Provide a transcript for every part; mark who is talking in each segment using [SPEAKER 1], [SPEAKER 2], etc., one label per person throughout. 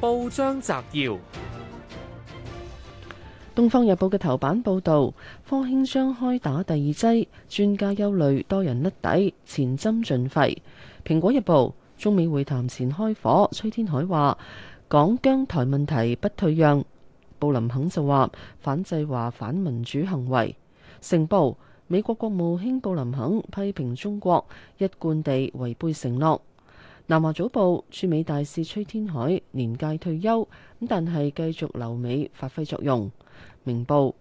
[SPEAKER 1] 報章摘要：《東方日報》嘅頭版報道，科興將開打第二劑，專家憂慮多人甩底，前針盡廢。《蘋果日報》中美會談前開火，崔天凱話港疆台問題不退讓。布林肯就話反制華反民主行為。成報，美國國務卿布林肯批評中國一貫地違背承諾。南華早報，駐美大使崔天凱年屆退休，咁但係繼續留美發揮作用。明報，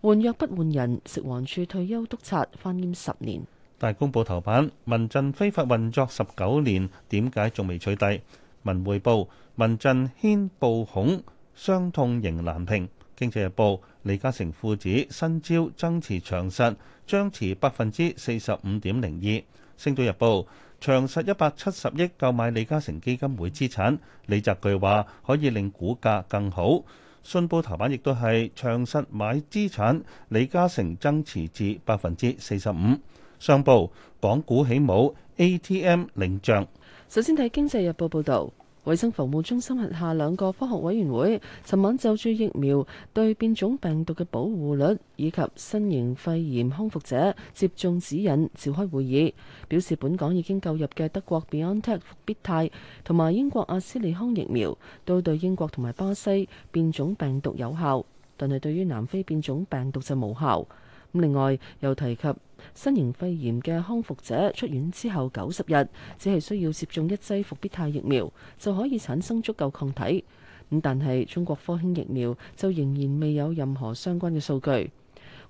[SPEAKER 1] 換藥不換人，食環署退休督察翻閹十年。
[SPEAKER 2] 大公報頭版，民陣非法運作十九年，點解仲未取締？文匯報，民陣掀暴恐，傷痛仍難平。經濟日報，李嘉誠父子新招增持長實，增持百分之四十五點零二。星島日報。長實一百七十億購買李嘉誠基金會資產，李澤钜話可以令股價更好。信報頭版亦都係長實買資產，李嘉誠增持至百分之四十五。上報港股起舞
[SPEAKER 1] ，ATM 領漲。首先睇《經濟日報》報道。衛生防護中心轄下兩個科學委員會尋晚就住疫苗對變種病毒嘅保護率以及新型肺炎康復者接種指引召開會議，表示本港已經購入嘅德國 BioNTech 復必泰同埋英國阿斯利康疫苗都對英國同埋巴西變種病毒有效，但係對於南非變種病毒就無效。另外又提及。新型肺炎嘅康復者出院之後九十日，只係需要接種一劑復必泰疫苗就可以產生足夠抗體。咁但係中國科興疫苗就仍然未有任何相關嘅數據。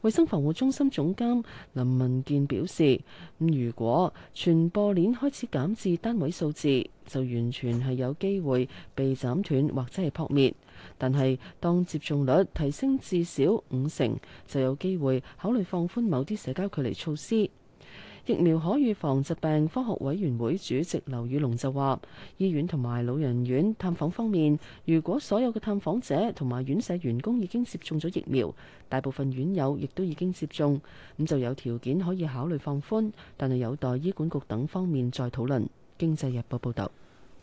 [SPEAKER 1] 衛生防護中心總監林文健表示，如果傳播鏈開始減至單位數字，就完全係有機會被斬斷或者係撲滅。但係，當接種率提升至少五成，就有機會考慮放寬某啲社交距離措施。疫苗可預防疾病科學委員會主席劉宇龍就話，醫院同埋老人院探訪方面，如果所有嘅探訪者同埋院舍員工已經接種咗疫苗，大部分院友亦都已經接種，咁就有條件可以考慮放寬，但係有待醫管局等方面再討論。經濟日報報導。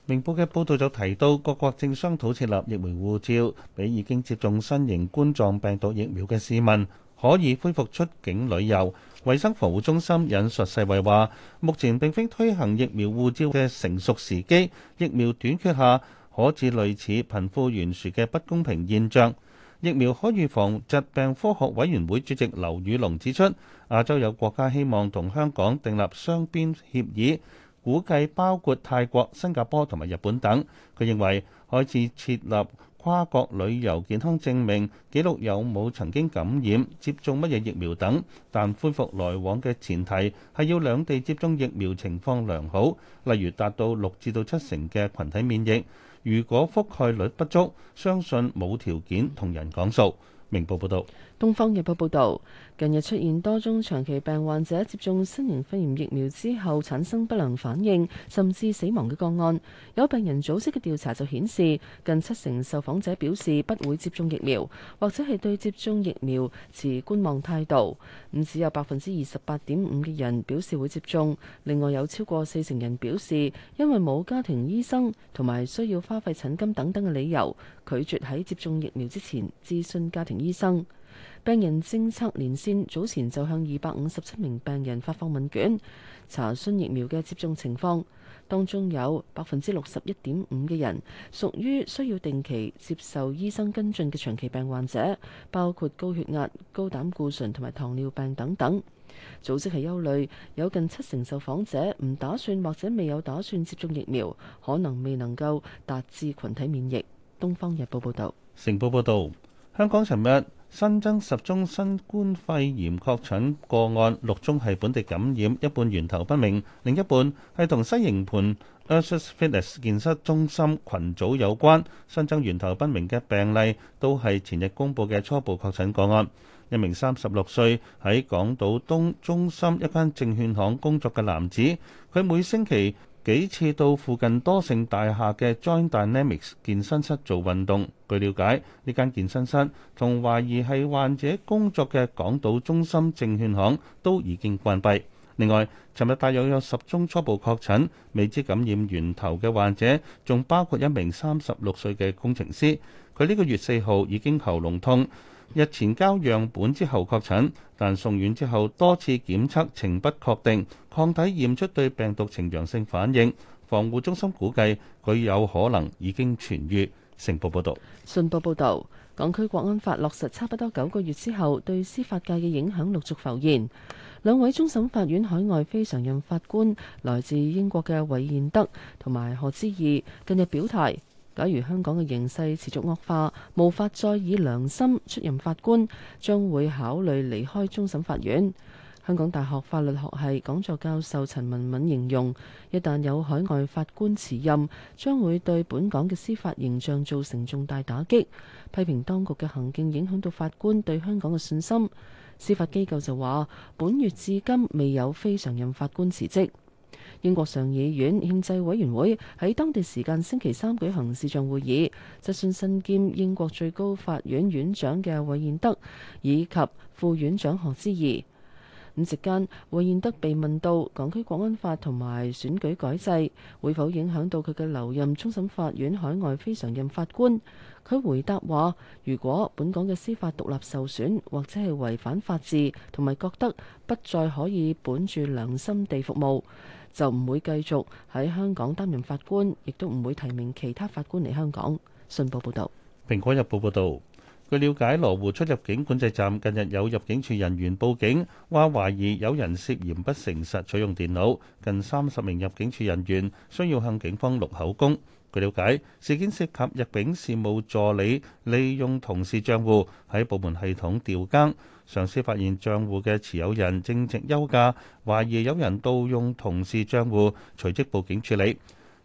[SPEAKER 2] 明報嘅報道就提到，各國正商討設立疫苗護照，俾已經接種新型冠狀病毒疫苗嘅市民可以恢復出境旅遊。衞生防護中心引述世衞話，目前並非推行疫苗護照嘅成熟時機。疫苗短缺下，可致類似貧富懸殊嘅不公平現象。疫苗可預防疾病科學委員會主席劉宇龍指出，亞洲有國家希望同香港訂立雙邊協議。估計包括泰國、新加坡同埋日本等。佢認為開始設立跨國旅遊健康證明記錄有冇曾經感染、接種乜嘢疫苗等，但恢復來往嘅前提係要兩地接種疫苗情況良好，例如達到六至到七成嘅群體免疫。如果覆蓋率不足，相信冇條件同人講數。明報報道。
[SPEAKER 1] 《東方日報》報道，近日出現多宗長期病患者接種新型肺炎疫苗之後產生不良反應，甚至死亡嘅個案。有病人組織嘅調查就顯示，近七成受訪者表示不會接種疫苗，或者係對接種疫苗持觀望態度。唔只有百分之二十八點五嘅人表示會接種，另外有超過四成人表示因為冇家庭醫生同埋需要花費診金等等嘅理由，拒絕喺接種疫苗之前諮詢家庭醫生。病人政策連線早前就向二百五十七名病人發放問卷，查詢疫苗嘅接種情況。當中有百分之六十一點五嘅人屬於需要定期接受醫生跟進嘅長期病患者，包括高血壓、高膽固醇同埋糖尿病等等。組織係憂慮，有近七成受訪者唔打算或者未有打算接種疫苗，可能未能夠達至群體免疫。東方日報報道。
[SPEAKER 2] 成報報道，香港尋日新增十宗新冠肺炎確診個案，六宗係本地感染，一半源頭不明，另一半係同西營盤 Ursus Fitness 健身中心群組有關，新增源頭不明嘅病例都係前日公布嘅初步確診個案。一名三十六歲喺港島東中心一間證券行工作嘅男子，佢每星期幾次到附近多盛大廈嘅 Joint Dynamics 健身室做運動。據了解，呢間健身室同懷疑係患者工作嘅港島中心證券行都已經關閉。另外，尋日大約有十宗初步確診未知感染源頭嘅患者，仲包括一名三十六歲嘅工程師，佢呢個月四號已經喉嚨痛。日前交樣本之後確診，但送院之後多次檢測呈不確定，抗體驗出對病毒呈陽性反應。防護中心估計佢有可能已經痊愈。成報報
[SPEAKER 1] 導，信報報導，港區國安法落實差不多九個月之後，對司法界嘅影響陸續浮現。兩位終審法院海外非常任法官，來自英國嘅韋彥德同埋賀知義，近日表態。假如香港嘅形勢持續惡化，無法再以良心出任法官，將會考慮離開終審法院。香港大學法律學系講座教授陳文敏形容，一旦有海外法官辭任，將會對本港嘅司法形象造成重大打擊，批評當局嘅行徑影響到法官對香港嘅信心。司法機構就話，本月至今未有非常任法官辭職。英國上議院憲制委員會喺當地時間星期三舉行視像會議，質詢身兼英國最高法院院長嘅韋彥德以及副院長賀知義。咁席間，韋彥德被問到港區國安法同埋選舉改制會否影響到佢嘅留任終審法院海外非常任法官，佢回答話：如果本港嘅司法獨立受損，或者係違反法治，同埋覺得不再可以本住良心地服務，就唔會繼續喺香港擔任法官，亦都唔會提名其他法官嚟香港。信報報道。
[SPEAKER 2] 蘋果日報報導。據了解，羅湖出入境管制站近日有入境處人員報警，話懷疑有人涉嫌不誠實取用電腦。近三十名入境處人員需要向警方錄口供。據了解，事件涉及入境事務助理利用同事帳戶喺部門系統調更，上司發現帳戶嘅持有人正值休假，懷疑有人盜用同事帳戶，隨即報警處理。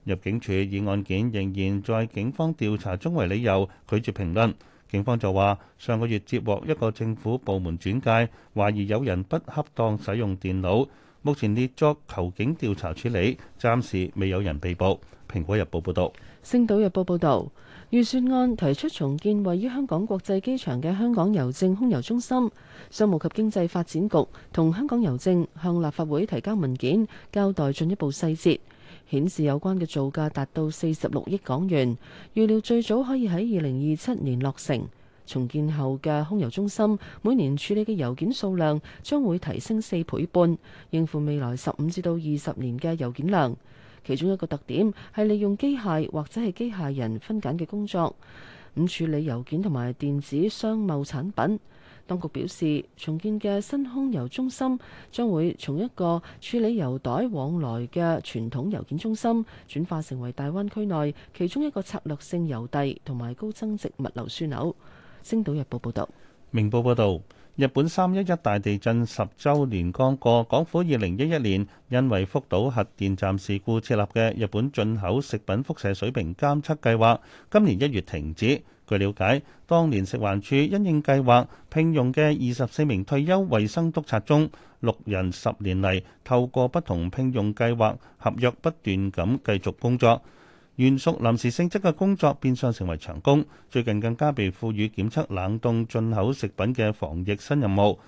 [SPEAKER 2] 入境處以案件仍然在警方調查中為理由拒絕評論。警方就話：上個月接獲一個政府部門轉介，懷疑有人不恰當使用電腦，目前列作求警調查處理，暫時未有人被捕。《蘋果日報》報道，
[SPEAKER 1] 《星島日報》報道，預算案提出重建位於香港國際機場嘅香港郵政空郵中心，商務及經濟發展局同香港郵政向立法會提交文件，交代進一步細節。顯示有關嘅造價達到四十六億港元，預料最早可以喺二零二七年落成。重建後嘅空郵中心，每年處理嘅郵件數量將會提升四倍半，應付未來十五至到二十年嘅郵件量。其中一個特點係利用機械或者係機械人分揀嘅工作，咁處理郵件同埋電子商貿產品。當局表示，重建嘅新空郵中心將會從一個處理郵袋往來嘅傳統郵件中心，轉化成為大灣區內其中一個策略性郵遞同埋高增值物流樞紐。星島日報報道。
[SPEAKER 2] 明報報道，日本三一一大地震十週年剛過，港府二零一一年因為福島核電站事故設立嘅日本進口食品輻射水平監測計劃，今年一月停止。據了解，當年食環署因應計劃聘用嘅二十四名退休衞生督察中，六人十年嚟透過不同聘用計劃合約不斷咁繼續工作，原屬臨時性質嘅工作變相成為長工，最近更加被賦予檢測冷凍進口食品嘅防疫新任務。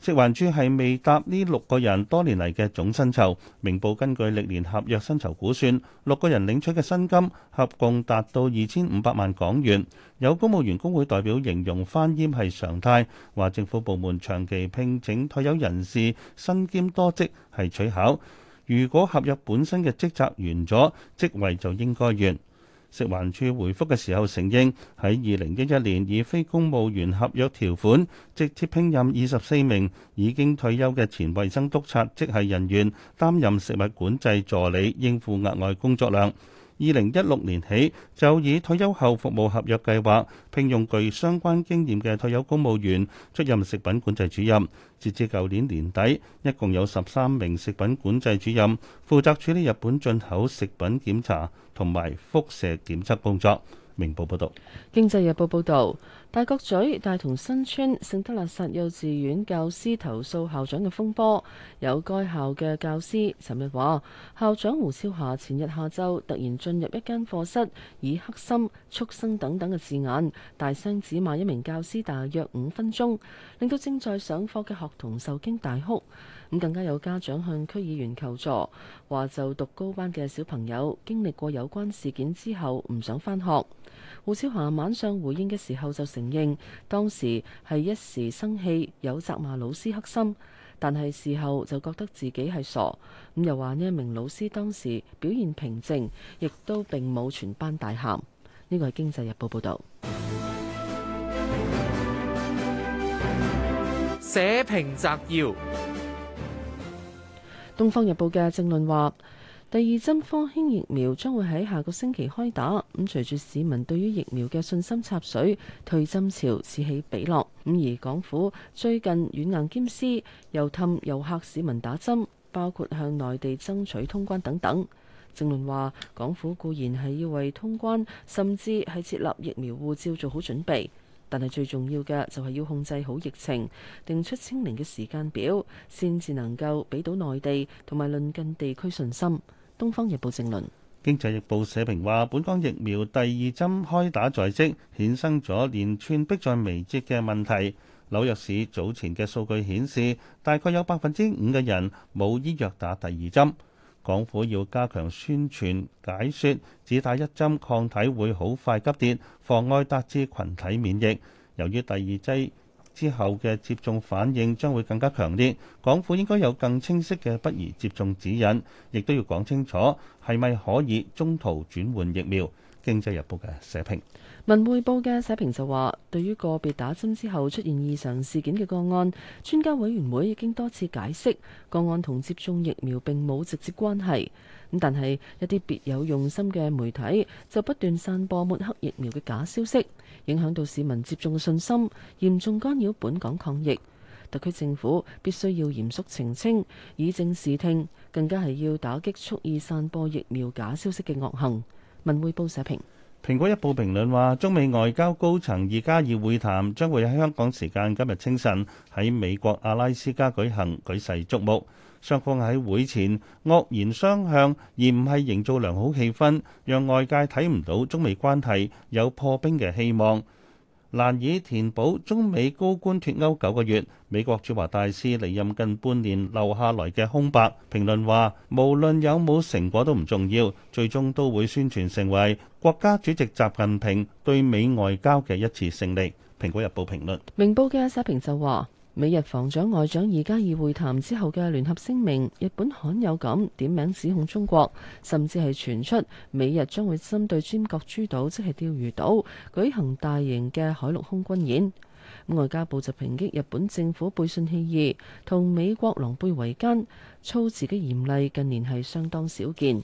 [SPEAKER 2] 食環署係未答呢六個人多年嚟嘅總薪酬。明報根據歷年合約薪酬估算，六個人領取嘅薪金合共達到二千五百萬港元。有公務員工會代表形容翻閹係常態，話政府部門長期聘請退休人士身兼多職係取巧。如果合約本身嘅職責完咗，職位就應該完。食環署回覆嘅時候承認，喺二零一一年以非公務員合約條款直接聘任二十四名已經退休嘅前衛生督察職系人員，擔任食物管制助理，應付額外工作量。二零一六年起，就以退休後服務合約計劃聘用具相關經驗嘅退休公務員出任食品管制主任。截至舊年年底，一共有十三名食品管制主任負責處理日本進口食品檢查同埋輻射檢測工作。明報報導，
[SPEAKER 1] 《經濟日報》報導，大角咀大同新村聖德肋撒幼稚園教師投訴校長嘅風波，有該校嘅教師尋日話，校長胡少霞前日下晝突然進入一間課室，以黑心、畜生等等嘅字眼大聲指罵一名教師，大約五分鐘，令到正在上課嘅學童受驚大哭。咁更加有家長向區議員求助，話就讀高班嘅小朋友經歷過有關事件之後，唔想返學。胡超華晚上回應嘅時候就承認，當時係一時生氣，有責罵老師黑心，但係事後就覺得自己係傻咁，又話呢一名老師當時表現平靜，亦都並冇全班大喊。呢個係《經濟日報》報道。社評
[SPEAKER 2] 摘要，
[SPEAKER 1] 《東方日報》嘅正論話，第二針科興疫苗將會喺下個星期開打。咁隨住市民對於疫苗嘅信心插水，退針潮此起彼落。咁而港府最近軟硬兼施，又氹遊客市民打針，包括向內地爭取通關等等。政論話港府固然係要為通關，甚至係設立疫苗護照做好準備，但係最重要嘅就係要控制好疫情，定出清零嘅時間表，先至能夠俾到內地同埋鄰近地區信心。《東方日報》政論。
[SPEAKER 2] 經濟日報社評話：本港疫苗第二針開打在即，衍生咗連串迫在眉睫嘅問題。紐約市早前嘅數據顯示，大概有百分之五嘅人冇醫藥打第二針。港府要加強宣傳解說，只打一針抗體會好快急跌，妨礙達至群體免疫。由於第二劑之後嘅接種反應將會更加強烈，港府應該有更清晰嘅不宜接種指引，亦都要講清楚係咪可以中途轉換疫苗。經濟日報嘅社評。
[SPEAKER 1] 文匯報嘅社評就話，對於個別打針之後出現異常事件嘅個案，專家委員會已經多次解釋，個案同接種疫苗並冇直接關係。咁但係一啲別有用心嘅媒體就不斷散播抹黑疫苗嘅假消息，影響到市民接種嘅信心，嚴重干擾本港抗疫。特區政府必須要嚴肅澄清清，以正視聽，更加係要打擊蓄意散播疫苗假消息嘅惡行。文匯報社評。
[SPEAKER 2] 《蘋果一報》一部評論話：中美外交高層二加二會談將會喺香港時間今日清晨喺美國阿拉斯加舉行，舉世矚目，雙方喺會前惡言相向，而唔係營造良好氣氛，讓外界睇唔到中美關係有破冰嘅希望。難以填補中美高官脫歐九個月，美國駐華大使離任近半年留下來嘅空白。評論話，無論有冇成果都唔重要，最終都會宣傳成為國家主席習近平對美外交嘅一次勝利。《蘋果日報》評論，
[SPEAKER 1] 明報嘅社評就話。美日防長外長二加二會談之後嘅聯合聲明，日本罕有咁點名指控中國，甚至係傳出美日將會針對尖閣諸島，即係釣魚島舉行大型嘅海陸空軍演。外交部就抨擊日本政府背信棄義，同美國狼狽為奸，措辭嘅嚴厲近年係相當少見。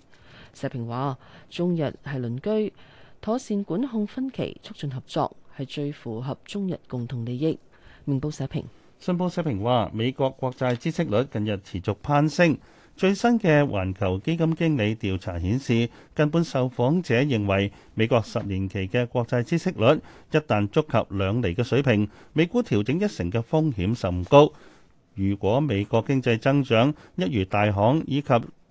[SPEAKER 1] 社評話：中日係鄰居，妥善管控分歧，促進合作係最符合中日共同利益。明報社評。信報社評話，美
[SPEAKER 2] 國國債孳息率近日持續攀升。最新嘅環球基金經理調查顯示，近半受訪者認為美國十年期嘅國債孳息率一旦觸及兩厘嘅水平，美股調整一成嘅風險甚高。如果美國經濟增長一如大行，以及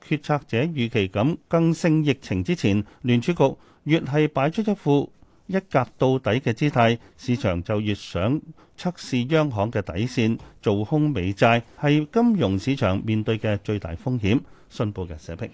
[SPEAKER 2] 決策者預期咁更勝疫情之前，聯儲局越係擺出一副一格到底嘅姿態，市場就越想測試央行嘅底線，做空美債係金融市場面對嘅最大風險。信報嘅社評。